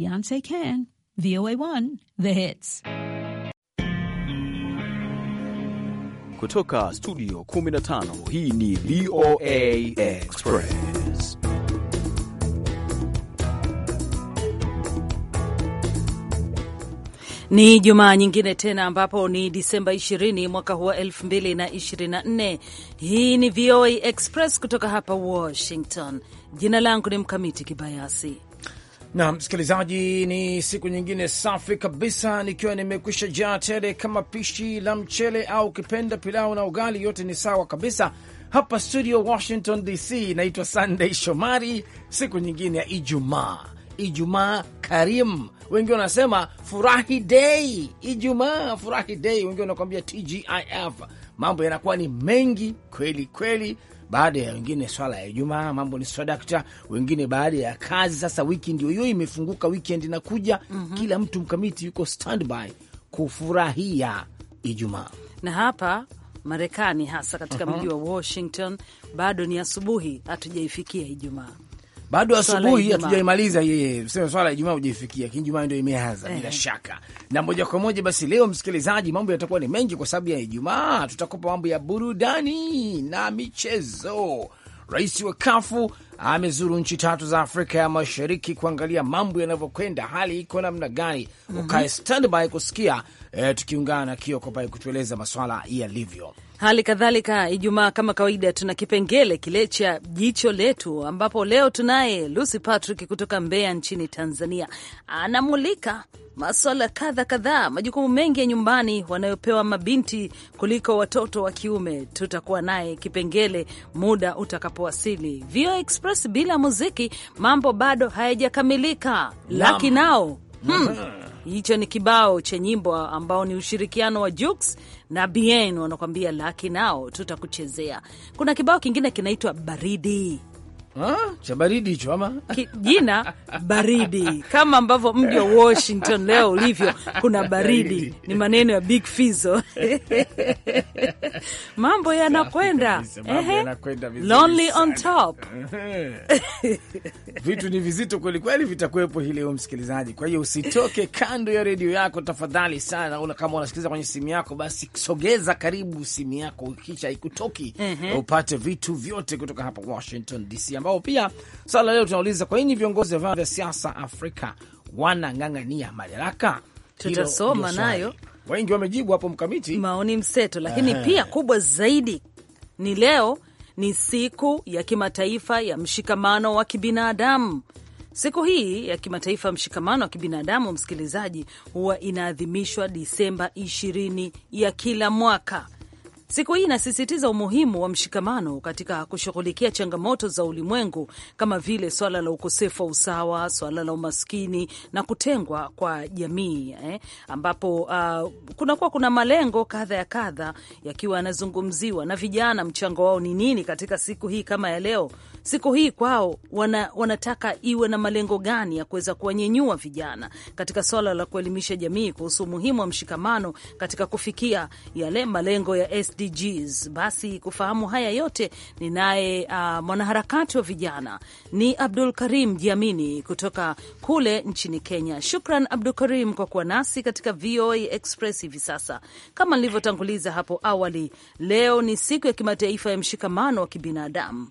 Beyonce Can, VOA1, The Hits. Kutoka studio 15, hii ni VOA Express. Ni jumaa nyingine tena ambapo ni Disemba 20 mwaka huu wa 2024. Hii ni VOA Express kutoka hapa Washington. Jina langu ni Mkamiti Kibayasi na msikilizaji, ni siku nyingine safi kabisa, nikiwa nimekwisha jaa tele kama pishi la mchele, au ukipenda pilau na ugali, yote ni sawa kabisa. Hapa studio Washington DC, naitwa Sunday Shomari. Siku nyingine ya Ijumaa, Ijumaa Karim, Wengi wanasema furahi dei, Ijumaa furahi dei, wengi wanakuambia TGIF. Mambo yanakuwa ni mengi kweli kweli baada ya wengine swala ya Ijumaa, mambo ni swadakta, wengine baada ya kazi. Sasa wiki ndio hiyo imefunguka, wikend inakuja. mm -hmm. Kila mtu mkamiti yuko standby kufurahia Ijumaa na hapa Marekani hasa katika mji wa Washington bado ni asubuhi, hatujaifikia Ijumaa bado asubuhi hatujaimaliza yeye sema swala ya Ijumaa hujaifikia, lakini Ijumaa ndio imeanza bila eh. shaka na moja kwa moja. Basi leo msikilizaji, mambo yatakuwa ni mengi kwa sababu ya Ijumaa, tutakupa mambo ya burudani na michezo. Rais wa Kafu amezuru nchi tatu za Afrika ya Mashariki kuangalia mambo yanavyokwenda, hali iko namna gani? mm -hmm. Ukae mhm. standby kusikia eh, tukiungana na Kioko kutueleza maswala yalivyo. Hali kadhalika Ijumaa kama kawaida, tuna kipengele kile cha jicho letu, ambapo leo tunaye Lucy Patrick kutoka Mbeya nchini Tanzania, anamulika maswala kadha kadhaa, majukumu mengi ya nyumbani wanayopewa mabinti kuliko watoto wa kiume. Tutakuwa naye kipengele muda utakapowasili. VOA Express bila muziki, mambo bado hayajakamilika, laki nao hmm. Hicho ni kibao cha nyimbo ambao ni ushirikiano wa Jux na Bien, wanakuambia laki nao tutakuchezea. Kuna kibao kingine kinaitwa baridi cha baridi hicho ama jina baridi, kama ambavyo mji wa Washington leo ulivyo, kuna baridi. Ni maneno ya Big Fizo. mambo yanakwenda lonely on top vitu ni vizito kwelikweli, vitakuwepo hii leo msikilizaji. Kwa hiyo usitoke kando ya redio yako tafadhali sana, una kama unasikiliza kwenye simu yako, basi sogeza karibu simu yako, kisha ikutoki upate vitu vyote kutoka hapa Washington DC ambao pia sala leo tunauliza kwa nini viongozi wa vyama vya siasa Afrika wanang'ang'ania madaraka. Tutasoma nayo, wengi wamejibu hapo mkamiti, maoni mseto, lakini Aha. Eh. pia kubwa zaidi ni leo ni siku ya kimataifa ya mshikamano wa kibinadamu. Siku hii ya kimataifa ya mshikamano wa kibinadamu, msikilizaji, huwa inaadhimishwa Disemba ishirini ya kila mwaka. Siku hii inasisitiza umuhimu wa mshikamano katika kushughulikia changamoto za ulimwengu kama vile swala la ukosefu wa usawa, swala la umaskini na kutengwa kwa jamii eh, ambapo uh, kunakuwa kuna malengo kadha ya kadha yakiwa yanazungumziwa na vijana. Mchango wao ni nini katika siku hii kama ya leo? Siku hii kwao wana, wanataka iwe na malengo gani ya kuweza kuwanyenyua vijana katika swala la kuelimisha jamii kuhusu umuhimu wa mshikamano katika kufikia yale malengo ya SD SDGs. Basi kufahamu haya yote ninaye uh, mwanaharakati wa vijana ni Abdul Karim Jiamini kutoka kule nchini Kenya. Shukran Abdul Karim kwa kuwa nasi katika VOA Express hivi sasa. Kama nilivyotanguliza hapo awali, leo ni siku ya kimataifa ya mshikamano wa kibinadamu.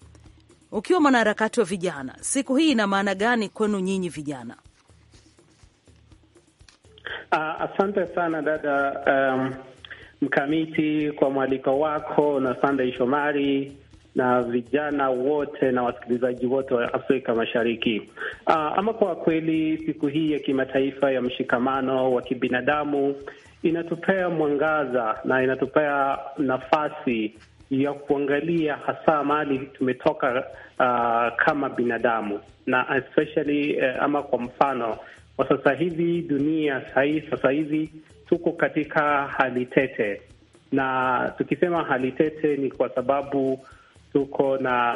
Ukiwa mwanaharakati wa vijana, siku hii ina maana gani kwenu nyinyi vijana? Uh, asante sana dada um... Mkamiti, kwa mwaliko wako na sandey Shomari na vijana wote na wasikilizaji wote wa Afrika Mashariki. Uh, ama kwa kweli siku hii ya kimataifa ya mshikamano wa kibinadamu inatupea mwangaza na inatupea nafasi ya kuangalia hasa mahali tumetoka uh, kama binadamu na especially uh, ama kwa mfano kwa sasa hivi dunia sahii sasa hivi tuko katika hali tete, na tukisema hali tete ni kwa sababu tuko na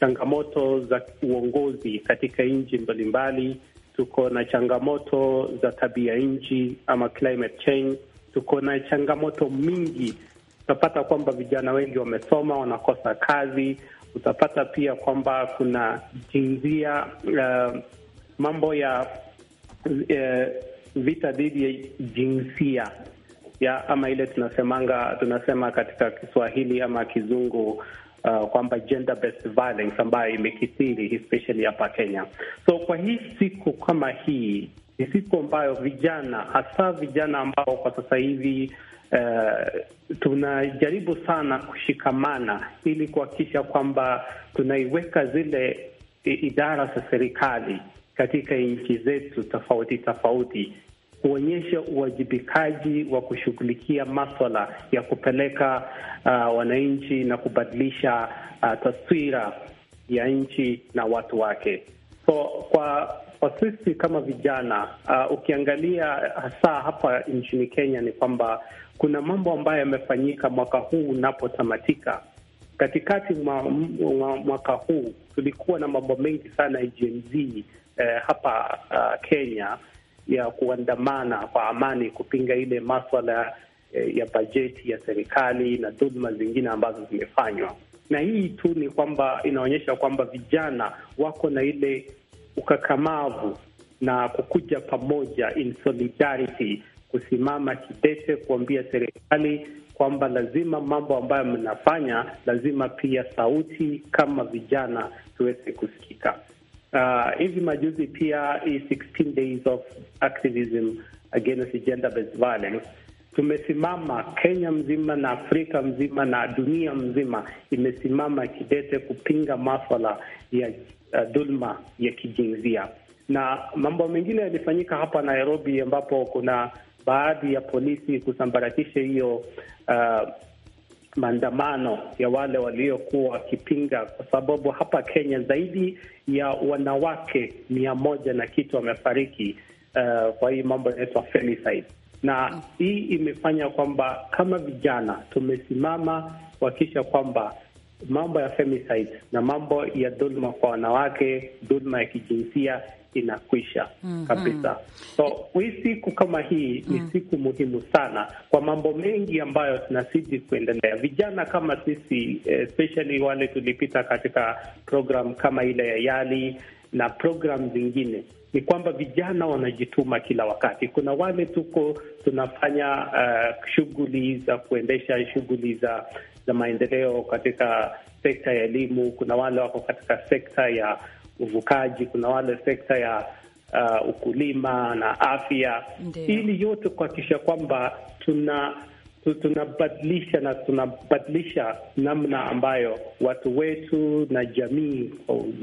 changamoto za uongozi katika nchi mbalimbali, tuko na changamoto za tabia nchi ama climate change, tuko na changamoto mingi. Utapata kwamba vijana wengi wamesoma wanakosa kazi. Utapata pia kwamba kuna jinsia uh, mambo ya uh, vita dhidi ya jinsia ya ama ile tunasemanga tunasema katika Kiswahili ama Kizungu uh, kwamba gender based violence ambayo imekithiri especially hapa Kenya. So kwa hii siku kama hii ni siku ambayo vijana hasa vijana ambao kwa sasa hivi uh, tunajaribu sana kushikamana ili kuhakikisha kwamba tunaiweka zile idara za serikali katika nchi zetu tofauti tofauti kuonyesha uwajibikaji wa kushughulikia maswala ya kupeleka uh, wananchi na kubadilisha uh, taswira ya nchi na watu wake. So kwa kwa sisi kama vijana uh, ukiangalia hasa hapa nchini Kenya ni kwamba kuna mambo ambayo yamefanyika mwaka huu unapotamatika. Katikati mwa mwaka huu tulikuwa na mambo mengi sana ya Gen Z eh, hapa uh, Kenya ya kuandamana kwa amani kupinga ile maswala eh, ya bajeti ya serikali na dhuluma zingine ambazo zimefanywa, na hii tu ni kwamba inaonyesha kwamba vijana wako na ile ukakamavu na kukuja pamoja in solidarity, kusimama kidete kuambia serikali kwamba lazima mambo ambayo mnafanya, lazima pia sauti kama vijana tuweze kusikika. Uh, hivi uh, majuzi pia hii 16 days of activism against gender based violence tumesimama Kenya mzima na Afrika mzima na dunia mzima imesimama kidete kupinga maswala ya uh, dhulma ya kijinsia, na mambo mengine yalifanyika hapa Nairobi ambapo kuna baadhi ya polisi kusambaratisha hiyo uh, maandamano ya wale waliokuwa wakipinga, kwa sababu hapa Kenya zaidi ya wanawake mia moja na kitu wamefariki uh, kwa hii mambo yanaitwa femicide, na hii imefanya kwamba kama vijana tumesimama kuhakikisha kwamba mambo ya femicide na mambo ya dhuluma kwa wanawake, dhuluma ya kijinsia inakwisha mm-hmm. kabisa. So hii siku kama hii ni mm-hmm. siku muhimu sana kwa mambo mengi ambayo tunasiji kuendelea. Vijana kama sisi eh, especially wale tulipita katika program kama ile ya YALI na program zingine ni kwamba vijana wanajituma kila wakati. Kuna wale tuko tunafanya uh, shughuli za kuendesha shughuli za za maendeleo katika sekta ya elimu. Kuna wale wako katika sekta ya uvukaji, kuna wale sekta ya uh, ukulima na afya, ili yote kuhakikisha kwamba tuna tunabadilisha na tunabadilisha namna ambayo watu wetu na jamii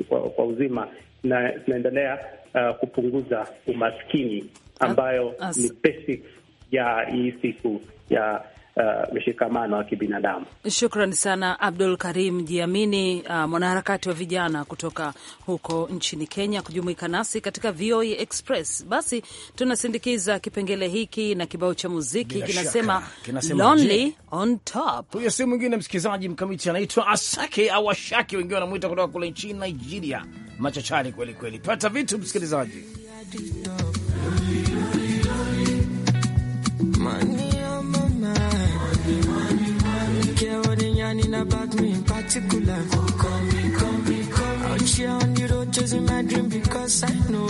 kwa, kwa uzima na tunaendelea uh, kupunguza umaskini ambayo As ni basic ya hii siku ya uh, mshikamano wa kibinadamu. Shukran sana Abdul Karim Jiamini, uh, mwanaharakati wa vijana kutoka huko nchini Kenya, kujumuika nasi katika VOA e Express. Basi tunasindikiza kipengele hiki na kibao cha muziki kinasema, kinasema Lonely on Top. Huyo si mwingine msikilizaji, mkamiti anaitwa Asake au Ashake, wengine wanamwita kutoka kule nchini Nigeria. Machachari kweli kweli, pata vitu msikilizaji. in particular. Oh, call me, call me, call me. Out here on the road chasing my dream because I know.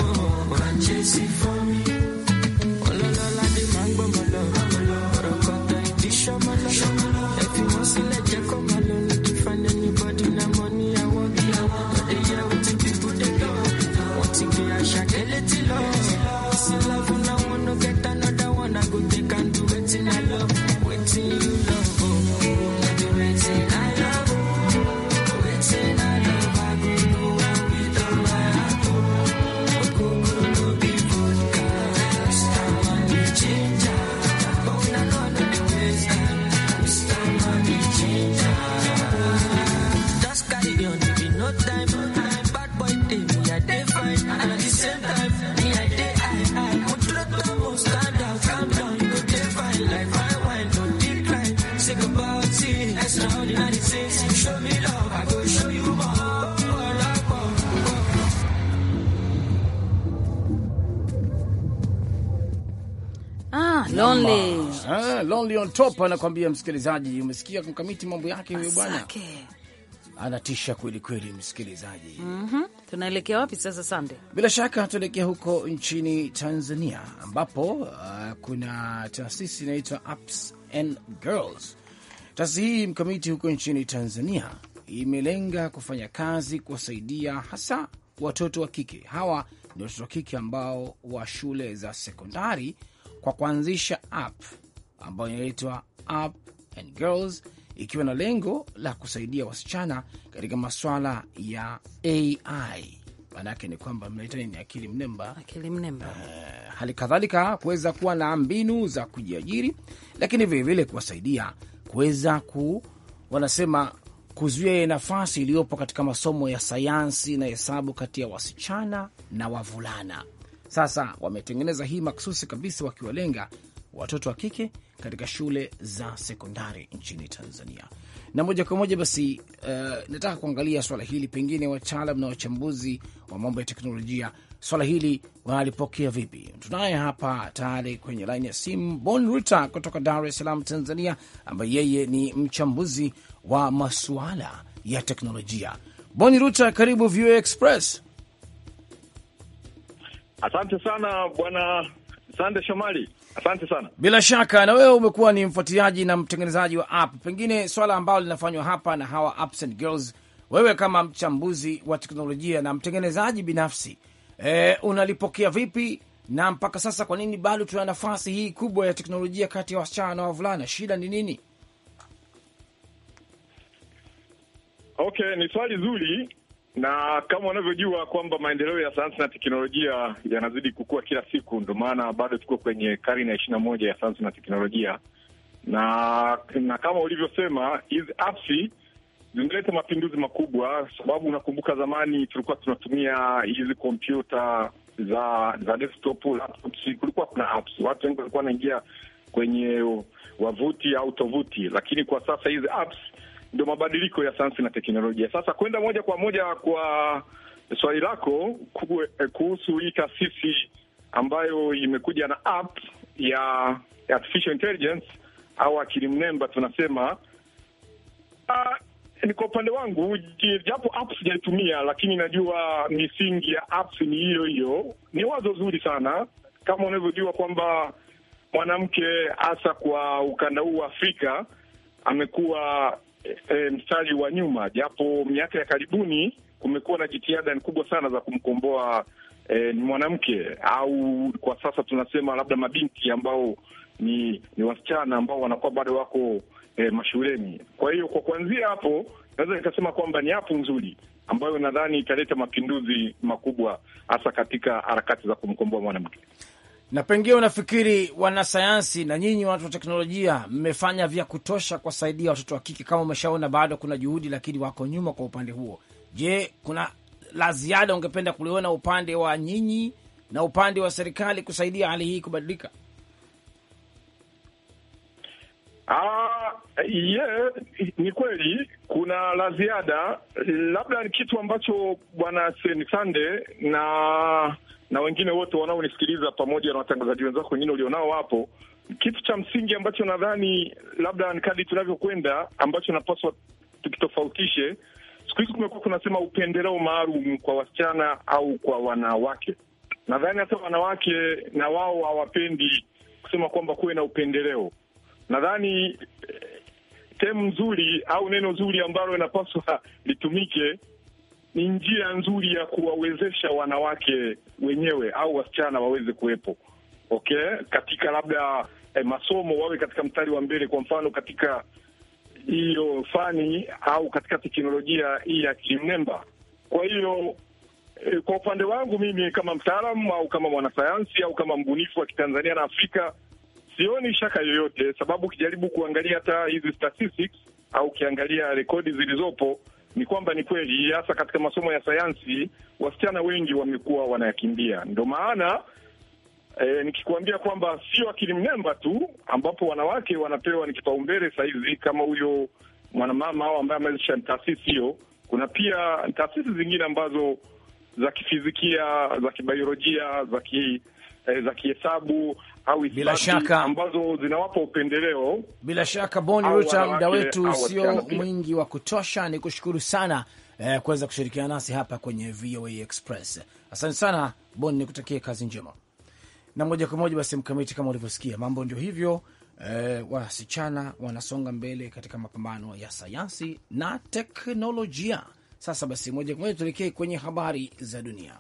Can't chase it for me. Lonely on Top anakwambia msikilizaji, umesikia mkamiti mambo yake huyo bwana anatisha kweli kweli, msikilizaji. mm -hmm. Tunaelekea wapi sasa Sande? Bila shaka tuelekea huko nchini Tanzania ambapo uh, kuna taasisi inaitwa Ups and Girls. Taasisi hii mkamiti huko nchini Tanzania imelenga kufanya kazi kuwasaidia hasa watoto wa kike. Hawa ni watoto wa kike ambao wa shule za sekondari kwa kuanzisha app ambayo inaitwa Up and Girls, ikiwa na lengo la kusaidia wasichana katika maswala ya AI. Maanake ni kwamba mnaita nini, akili mnemba, akili mnemba. Uh, hali kadhalika kuweza kuwa na mbinu za kujiajiri, lakini vilevile kuwasaidia kuweza ku wanasema kuzuia nafasi iliyopo katika masomo ya sayansi na hesabu kati ya wasichana na wavulana. Sasa wametengeneza hii maksusi kabisa wakiwalenga watoto wa kike katika shule za sekondari nchini Tanzania. Na moja kwa moja basi, uh, nataka kuangalia swala hili, pengine wataalam na wachambuzi wa mambo ya teknolojia swala hili wanalipokea vipi? Tunaye hapa tayari kwenye laini ya simu Bon rute kutoka Dar es Salaam, Tanzania, ambaye yeye ni mchambuzi wa masuala ya teknolojia. Bon rute karibu VOA Express. Asante sana bwana Asante Shomali, asante sana. Bila shaka na wewe umekuwa ni mfuatiliaji na mtengenezaji wa app, pengine swala ambalo linafanywa hapa na hawa apps and girls, wewe kama mchambuzi wa teknolojia na mtengenezaji binafsi e, unalipokea vipi? Na mpaka sasa kwa nini bado tuna nafasi hii kubwa ya teknolojia kati ya wasichana na wavulana? Shida ni nini? Okay, ni swali zuri na kama wanavyojua kwamba maendeleo ya sayansi na teknolojia yanazidi kukua kila siku, ndo maana bado tuko kwenye karne ya ishirini na moja ya sayansi na teknolojia, na na kama ulivyosema, hizi apsi zimeleta mapinduzi makubwa, sababu unakumbuka zamani tulikuwa tunatumia hizi kompyuta za za desktop laptops, kulikuwa kuna apps, watu wengi walikuwa wanaingia kwenye wavuti au tovuti, lakini kwa sasa hizi apps ndo mabadiliko ya sayansi na teknolojia. Sasa kwenda moja kwa moja kwa swali lako eh, kuhusu hii taasisi ambayo imekuja na app ya artificial intelligence au akili mnemba tunasema. Uh, ni kwa upande wangu, japo app sijaitumia, lakini najua misingi ya apps ni hiyo hiyo. Ni wazo zuri sana, kama unavyojua kwamba mwanamke hasa kwa ukanda huu wa Afrika amekuwa e, mstari wa nyuma, japo miaka ya karibuni kumekuwa na jitihada kubwa sana za kumkomboa e, mwanamke au kwa sasa tunasema labda mabinti ambao ni ni wasichana ambao wanakuwa bado wako e, mashuleni. Kwa hiyo kwa kuanzia hapo naweza nikasema kwamba ni hapo nzuri ambayo nadhani italeta mapinduzi makubwa hasa katika harakati za kumkomboa mwanamke. Na pengine unafikiri wanasayansi na nyinyi watu wa teknolojia mmefanya vya kutosha kuwasaidia watoto wa kike? Kama umeshaona bado kuna juhudi, lakini wako nyuma kwa upande huo. Je, kuna la ziada ungependa kuliona upande wa nyinyi na upande wa serikali kusaidia hali hii kubadilika? Ah, yeah, ni kweli kuna la ziada, labda ni kitu ambacho bwana Sande na na wengine wote wanaonisikiliza pamoja na watangazaji wenzako wengine ulionao hapo. Kitu cha msingi ambacho nadhani labda ni kadri tunavyokwenda, ambacho napaswa tukitofautishe, siku hizi kumekuwa kunasema upendeleo maalum kwa wasichana au kwa wanawake. Nadhani hata wanawake na wao hawapendi kusema kwamba kuwe na upendeleo. Nadhani eh, temu nzuri au neno zuri ambalo inapaswa litumike ni njia nzuri ya kuwawezesha wanawake wenyewe au wasichana waweze kuwepo okay, katika labda eh, masomo wawe katika mstari wa mbele, kwa mfano katika hiyo fani au katika teknolojia hii ya kimnemba. Kwa hiyo eh, kwa upande wangu mimi kama mtaalamu au kama mwanasayansi au kama mbunifu wa Kitanzania na Afrika sioni shaka yoyote, sababu ukijaribu kuangalia hata hizi statistics au ukiangalia rekodi zilizopo ni kwamba ni kweli, hasa katika masomo ya sayansi wasichana wengi wamekuwa wanayakimbia. Ndio maana e, eh, nikikuambia kwamba sio akili mnemba tu ambapo wanawake wanapewa ni kipaumbele sahizi, kama huyo mwanamama au ambaye ameanzisha taasisi hiyo. Kuna pia taasisi zingine ambazo za kifizikia, za kibaiolojia za ki, eh, za kihesabu au bila shaka ambazo zinawapa upendeleo. Bila shaka Boni Ruta, muda wetu sio mwingi wa kutosha, ni kushukuru sana eh, kuweza kushirikiana nasi hapa kwenye VOA Express. Asante sana Boni, nikutakie kazi njema na moja kwa moja basi, Mkamiti, kama ulivyosikia mambo ndio hivyo eh, wasichana wanasonga mbele katika mapambano ya sayansi na teknolojia. Sasa basi, moja kwa moja tuelekee kwenye habari za dunia.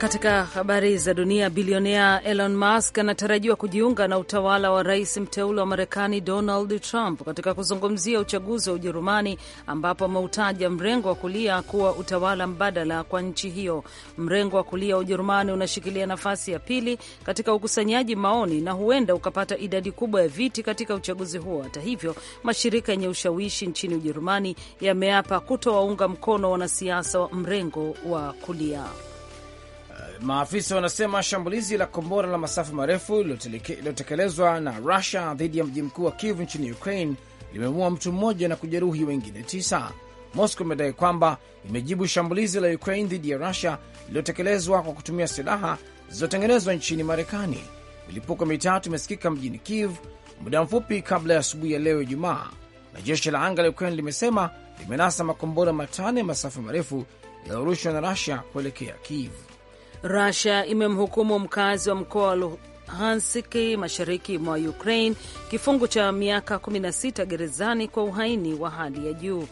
Katika habari za dunia, bilionea Elon Musk anatarajiwa kujiunga na utawala wa rais mteule wa Marekani Donald Trump katika kuzungumzia uchaguzi wa Ujerumani, ambapo ameutaja mrengo wa kulia kuwa utawala mbadala kwa nchi hiyo. Mrengo wa kulia wa Ujerumani unashikilia nafasi ya pili katika ukusanyaji maoni na huenda ukapata idadi kubwa ya viti katika uchaguzi huo. Hata hivyo, mashirika yenye ushawishi nchini Ujerumani yameapa kutowaunga mkono wanasiasa wa mrengo wa kulia. Maafisa wanasema shambulizi la kombora la masafa marefu lililotekelezwa na Rusia dhidi ya mji mkuu wa Kiev nchini Ukraine limemua mtu mmoja na kujeruhi wengine tisa. Moscow imedai kwamba imejibu shambulizi la Ukraine dhidi ya Rusia lililotekelezwa kwa kutumia silaha zilizotengenezwa nchini Marekani. Milipuko mitatu imesikika mjini Kiev muda mfupi kabla ya asubuhi ya leo Ijumaa, na jeshi la anga la Ukraine limesema limenasa makombora matano ya masafa marefu yaliyorushwa na Rusia kuelekea Kiev rusia imemhukumu mkazi wa mkoa wa Luhansk mashariki mwa Ukraine kifungo cha miaka 16 gerezani kwa uhaini wa hali ya juu.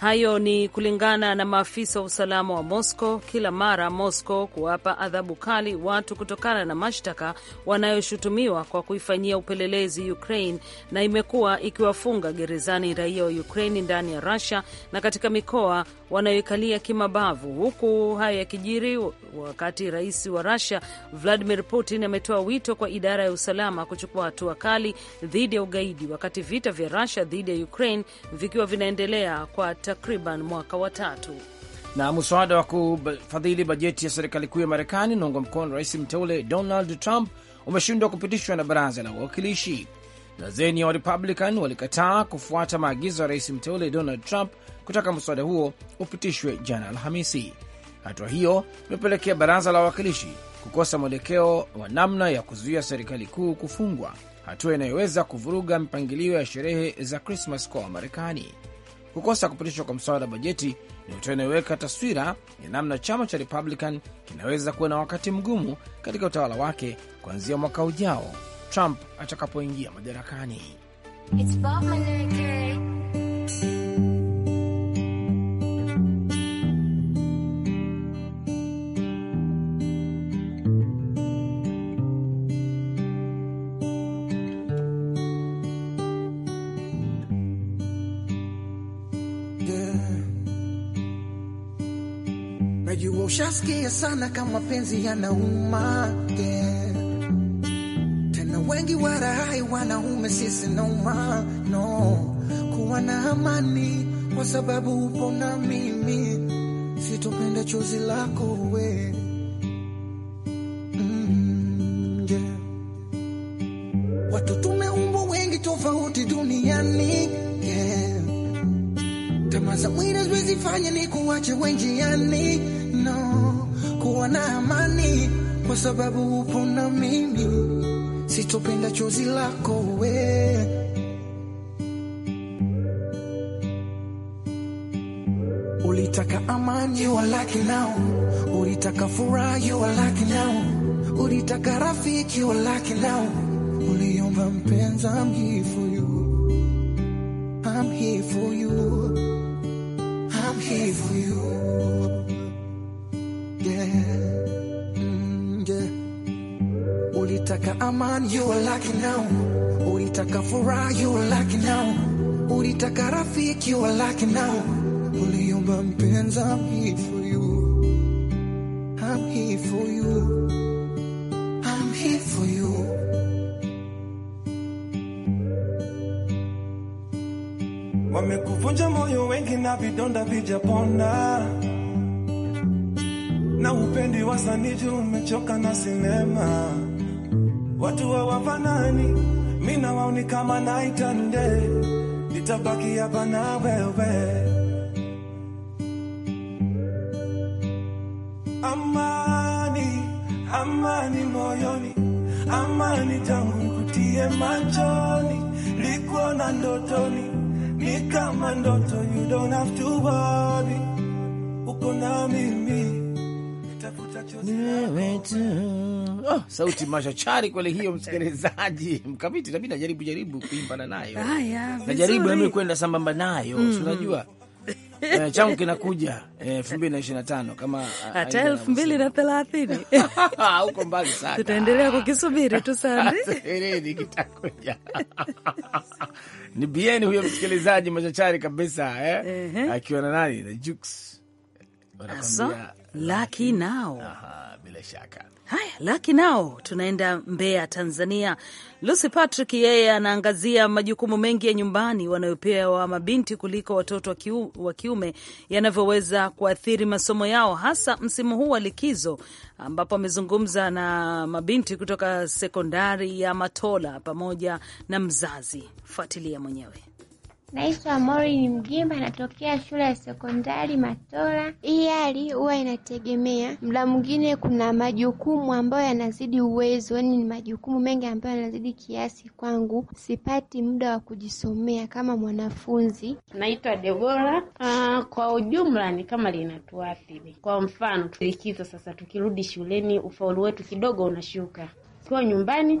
Hayo ni kulingana na maafisa wa usalama wa Moscow, kila mara Moscow kuwapa adhabu kali watu kutokana na mashtaka wanayoshutumiwa kwa kuifanyia upelelezi Ukraine, na imekuwa ikiwafunga gerezani raia wa Ukraine ndani ya Russia na katika mikoa wanayoikalia kimabavu, huku hayo yakijiri wakati rais wa Russia Vladimir Putin ametoa wito kwa idara ya usalama kuchukua hatua kali dhidi ya ugaidi, wakati vita vya Russia dhidi ya Ukraine vikiwa vinaendelea kwa takriban mwaka wa tatu. Na mswada wa kufadhili bajeti ya serikali kuu ya Marekani unaungwa mkono rais mteule Donald Trump umeshindwa kupitishwa na baraza la wawakilishi. Dazeni ya Warepublican walikataa kufuata maagizo ya rais mteule Donald Trump kutaka mswada huo upitishwe jana Alhamisi. Hatua hiyo imepelekea baraza la wawakilishi kukosa mwelekeo wa namna ya kuzuia serikali kuu kufungwa, hatua inayoweza kuvuruga mipangilio ya sherehe za Krismas kwa Wamarekani. Kukosa kupitishwa kwa mswada wa bajeti ni hatua inayoweka taswira ya namna chama cha Republican kinaweza kuwa na wakati mgumu katika utawala wake kuanzia mwaka ujao Trump atakapoingia madarakani. It's Ushasikia sana kama penzi yanauma, Tena wengi warahai wanaume sisi nauma no, kuwa na amani kwa sababu upo na mimi, sitopenda chozi lako we mm, yeah. wengi tofauti duniani yeah. Tamaa za mwili haziwezi fanya ni kuwache wenjiani no, kuwa na amani, kwa sababu upo na mimi, sitopenda chozi lako we Ulitaka amani you are lucky now. Ulitaka furaha you are lucky now. Ulitaka rafiki you are lucky now. Uliomba mpenzi I'm here for you. I'm here for you. I'm here for you. mm, yeah. Ulitaka amani you are lucky now, ulitaka furaha you are lucky now, ulitaka rafiki you are lucky now, uliomba mpenza, I'm here for you, I'm here for you, I'm here for you. Wamekuvunja moyo wengi na vidonda vijaponda na upendi wasanii, umechoka na sinema, watu hawafanani. mi na wao ni kama night and day, nitabaki hapa na wewe amani, amani moyoni, amani tangu kutie machoni, liko na ndotoni ni kama ndoto, you don't have to worry, uko na mimi wewe Oh, sauti mashachari kweli hiyo, msikilizaji mkamiti, nami najaribu jaribu kuimbana nayo, najaribu nami kwenda sambamba nayo, si mm-hmm. unajua Eh, changu kinakuja eh, elfu mbili na ishirini na tano kama ah, hata elfu mbili na thelathini huko mbali sana, tutaendelea kukisubiri tu sandi kitakuja. Ni bieni huyo msikilizaji machachari kabisa eh? Akiwa na nani na Jux wanakwambia Laki Nao. Aha, bila shaka haya, Laki Nao. Tunaenda Mbeya, Tanzania. Lucy Patrick yeye anaangazia majukumu mengi ya nyumbani wanayopewa mabinti kuliko watoto wa kiume yanavyoweza kuathiri masomo yao, hasa msimu huu wa likizo, ambapo amezungumza na mabinti kutoka sekondari ya Matola pamoja na mzazi. Fuatilia mwenyewe. Naitwa Mori ni Mgimba, natokea shule ya sekondari Matola. Hii hali huwa inategemea, mda mwingine kuna majukumu ambayo yanazidi uwezo, yani ni majukumu mengi ambayo yanazidi kiasi kwangu, sipati muda wa kujisomea kama mwanafunzi. Naitwa Debora. Uh, ah, kwa ujumla ni kama linatuathiri. Kwa mfano tulikiza, sasa tukirudi shuleni ufaulu wetu kidogo unashuka, ukiwa nyumbani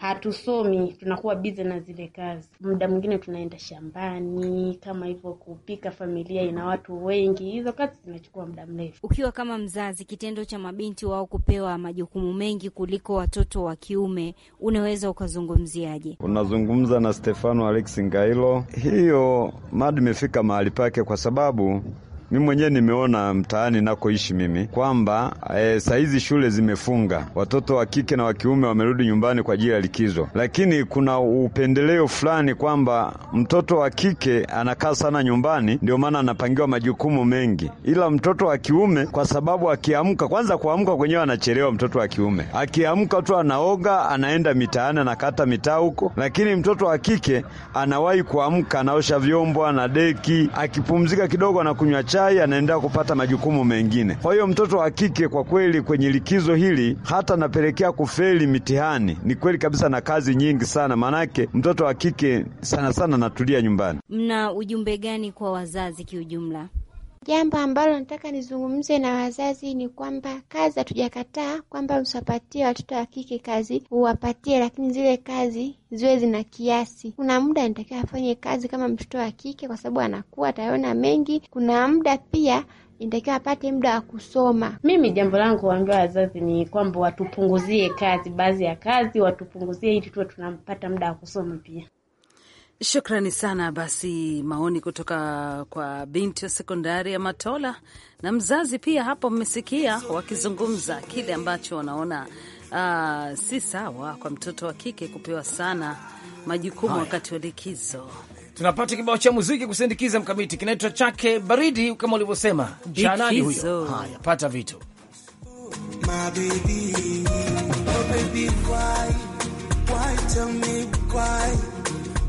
hatusomi, tunakuwa bize na zile kazi. Muda mwingine tunaenda shambani kama hivyo, kupika. Familia ina watu wengi, hizo kazi zinachukua muda mrefu. Ukiwa kama mzazi, kitendo cha mabinti wao kupewa majukumu mengi kuliko watoto wa kiume, unaweza ukazungumziaje? Unazungumza na Stefano Alex Ngailo. Hiyo mada imefika mahali pake, kwa sababu mimi mwenyewe nimeona mtaani nakoishi mimi kwamba e, saizi shule zimefunga, watoto wa kike na wa kiume wamerudi nyumbani kwa ajili ya likizo, lakini kuna upendeleo fulani kwamba mtoto wa kike anakaa sana nyumbani, ndio maana anapangiwa majukumu mengi, ila mtoto wa kiume kwa sababu akiamka, kwanza kuamka kwenyewe anachelewa. Mtoto wa kiume akiamka tu anaoga, anaenda mitaani, anakata mitaa huko, lakini mtoto wa kike anawahi kuamka, anaosha vyombo na deki, akipumzika kidogo anakunywa chai chai, anaendelea kupata majukumu mengine. Kwa hiyo mtoto wa kike kwa kweli kwenye likizo hili hata napelekea kufeli mitihani, ni kweli kabisa, na kazi nyingi sana, maanake mtoto wa kike sana sana natulia nyumbani. Mna ujumbe gani kwa wazazi kiujumla? Jambo ambalo nataka nizungumze na wazazi ni kwamba kazi hatujakataa kwamba usiwapatie watoto wa kike kazi, uwapatie, lakini zile kazi ziwe zina kiasi. Kuna muda inatakiwa afanye kazi kama mtoto wa kike, kwa sababu anakuwa ataona mengi. Kuna muda pia inatakiwa apate muda wa kusoma. Mimi jambo langu kuambia wazazi ni kwamba watupunguzie kazi, baadhi ya kazi watupunguzie, ili tuwe tunampata muda wa kusoma pia. Shukrani sana. Basi maoni kutoka kwa binti wa sekondari ya Matola na mzazi pia, hapo mmesikia wakizungumza kile ambacho wanaona uh, si sawa kwa mtoto wa kike kupewa sana majukumu wakati wa likizo. Tunapata kibao cha muziki kusindikiza mkamiti, kinaitwa chake baridi, kama ulivyosema huyo. Haya, pata vitu My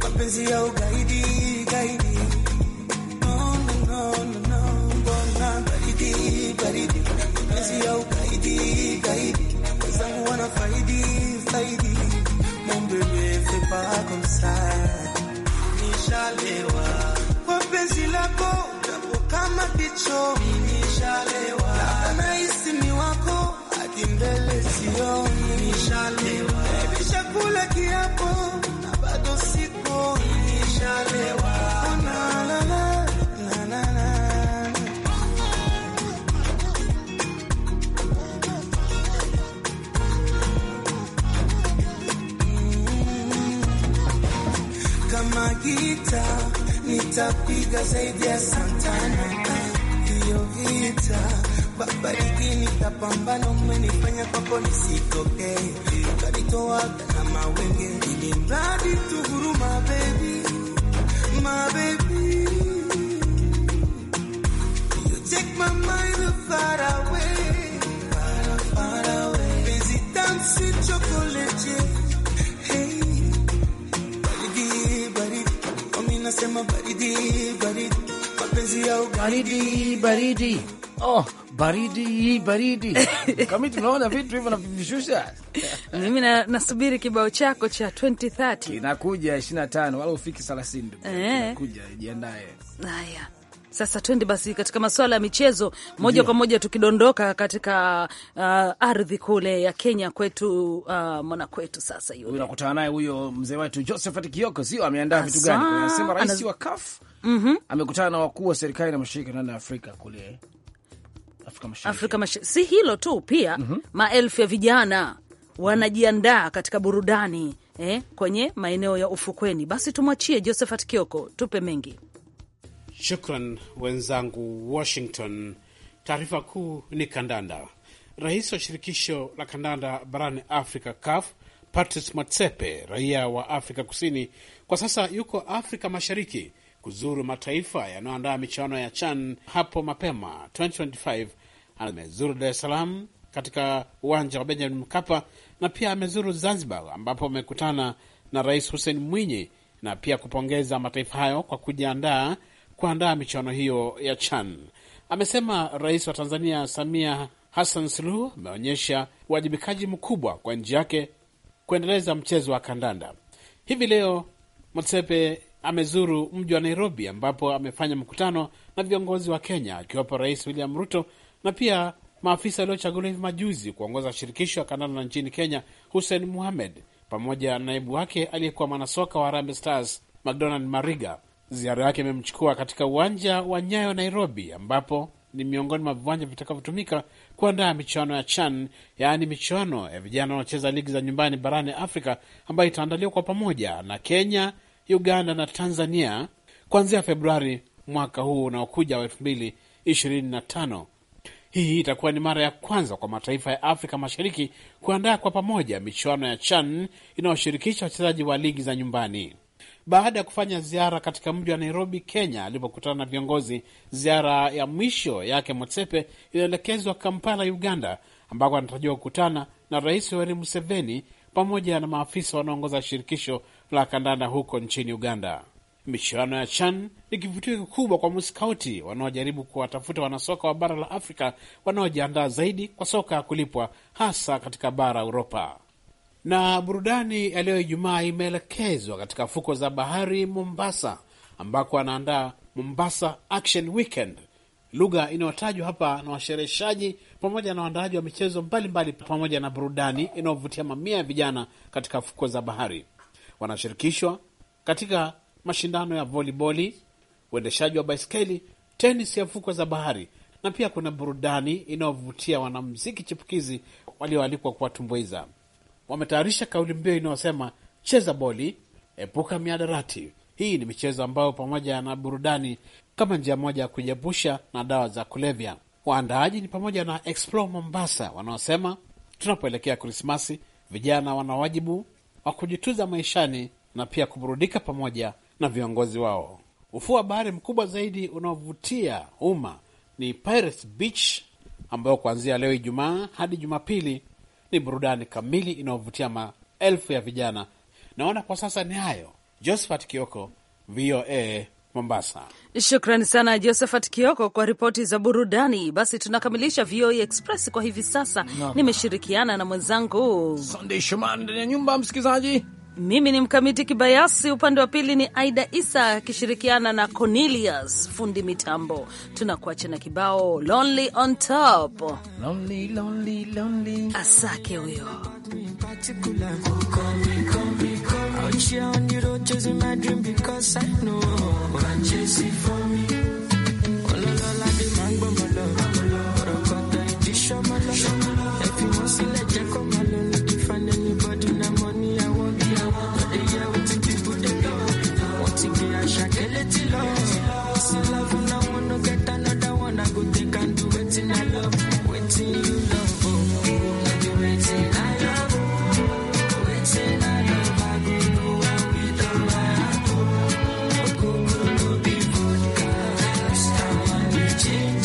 mapenzi ya ugaidi gaidi, no no nishalewa baridi hii baridi kama tunaona vitu hivyo navivishusha. Mimi na, nasubiri kibao chako cha 2030 inakuja 25 wala ufiki 30, inakuja jiandae. Haya, sasa twende basi katika masuala ya michezo moja yeah, kwa moja tukidondoka katika uh, ardhi kule ya Kenya kwetu, uh, mwana kwetu sasa yule unakutana naye huyo mzee wetu Josephat Kioko, sio ameandaa vitu gani? Anasema rais Anaz... wa CAF mm -hmm. amekutana na wakuu wa serikali na mashirika ya Afrika kule Afrika Mashariki, Afrika Mashariki. Si hilo tu pia mm -hmm. maelfu ya vijana wanajiandaa katika burudani eh, kwenye maeneo ya ufukweni. Basi tumwachie Josephat Kioko tupe mengi. Shukran wenzangu Washington. Taarifa kuu ni kandanda. Rais wa shirikisho la kandanda barani Afrika CAF Patrice matsepe raia wa Afrika Kusini, kwa sasa yuko Afrika Mashariki kuzuru mataifa yanayoandaa michuano ya CHAN hapo mapema 2025 amezuru Dar es Salaam katika uwanja wa Benjamin Mkapa na pia amezuru Zanzibar ambapo amekutana na Rais Hussein Mwinyi na pia kupongeza mataifa hayo kwa kujiandaa kuandaa michuano hiyo ya CHAN. Amesema Rais wa Tanzania Samia Hassan Suluhu ameonyesha uwajibikaji mkubwa kwa nchi yake kuendeleza mchezo wa kandanda. Hivi leo Motsepe amezuru mji wa Nairobi ambapo amefanya mkutano na viongozi wa Kenya akiwapo Rais William Ruto na pia maafisa waliochaguliwa hivi majuzi kuongoza shirikisho ya kandanda nchini Kenya, Hussein muhamed pamoja na naibu wake aliyekuwa mwanasoka wa Harambee Stars McDonald Mariga. Ziara yake imemchukua katika uwanja wa Nyayo, Nairobi, ambapo ni miongoni mwa viwanja vitakavyotumika kuandaa michuano ya CHAN, yaani michuano ya vijana wanaocheza ligi za nyumbani barani Afrika, ambayo itaandaliwa kwa pamoja na Kenya, Uganda na Tanzania kuanzia Februari mwaka huu unaokuja wa elfu mbili ishirini na tano. Hii itakuwa ni mara ya kwanza kwa mataifa ya Afrika Mashariki kuandaa kwa pamoja michuano ya CHAN inayoshirikisha wachezaji wa ligi za nyumbani. Baada ya kufanya ziara katika mji wa Nairobi, Kenya, alipokutana na viongozi, ziara ya mwisho yake Motsepe inaelekezwa Kampala, Uganda, ambako anatarajiwa kukutana na Rais Yoweri Museveni pamoja na maafisa wanaoongoza shirikisho la kandanda huko nchini Uganda. Michuano ya CHAN ni kivutio kikubwa kwa muskauti wanaojaribu kuwatafuta wanasoka wa bara la Afrika wanaojiandaa zaidi kwa soka ya kulipwa hasa katika bara Uropa. Na burudani ya leo Ijumaa imeelekezwa katika fuko za bahari Mombasa, ambako anaandaa Mombasa Action Weekend, lugha inayotajwa hapa na washereheshaji pamoja na waandaaji wa michezo mbalimbali mbali, pamoja na burudani inayovutia mamia ya vijana katika fuko za bahari wanashirikishwa katika mashindano ya voliboli, uendeshaji wa baiskeli, tenis ya fukwe za bahari, na pia kuna burudani inayovutia wanamziki chipukizi walioalikwa kuwatumbuiza. Wametayarisha kauli mbiu inayosema cheza boli, epuka miadarati. Hii ni michezo ambayo pamoja na burudani kama njia moja ya kujiepusha na dawa za kulevya. Waandaaji ni pamoja na Explore Mombasa wanaosema tunapoelekea Krismasi, vijana wana wajibu wa kujituza maishani na pia kuburudika pamoja na viongozi wao. Ufuo wa bahari mkubwa zaidi unaovutia umma ni Pirates Beach, ambayo kuanzia leo Ijumaa hadi Jumapili ni burudani kamili inayovutia maelfu ya vijana. Naona kwa sasa ni hayo. Josephat Kioko, VOA Mombasa. Shukrani sana Josephat Kioko kwa ripoti za burudani. Basi tunakamilisha VOA Express kwa hivi sasa. Nimeshirikiana na mwenzangu Sandey Shumari ndani ya nyumba msikilizaji mimi ni Mkamiti Kibayasi, upande wa pili ni Aida Isa akishirikiana na Cornelius fundi mitambo. Tunakuacha na kibao lonely on top, lonely, lonely, lonely. Asake huyo